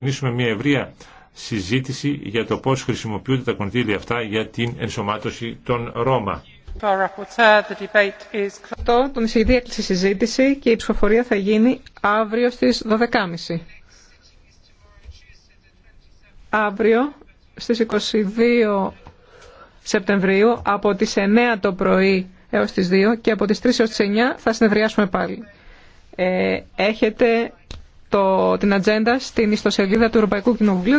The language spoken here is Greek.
ξεκινήσουμε μια ευρεία συζήτηση για το πώς χρησιμοποιούνται τα κονδύλια αυτά για την ενσωμάτωση των Ρώμα. Το τον έκλεισε έκλεισε συζήτηση και η ψηφοφορία θα γίνει αύριο στις 12.30. Αύριο στις 22 Σεπτεμβρίου από τις 9 το πρωί έως τις 2 και από τις 3 έως τις 9 θα συνεδριάσουμε πάλι. Ε, έχετε το, την ατζέντα στην ιστοσελίδα του Ευρωπαϊκού Κοινοβουλίου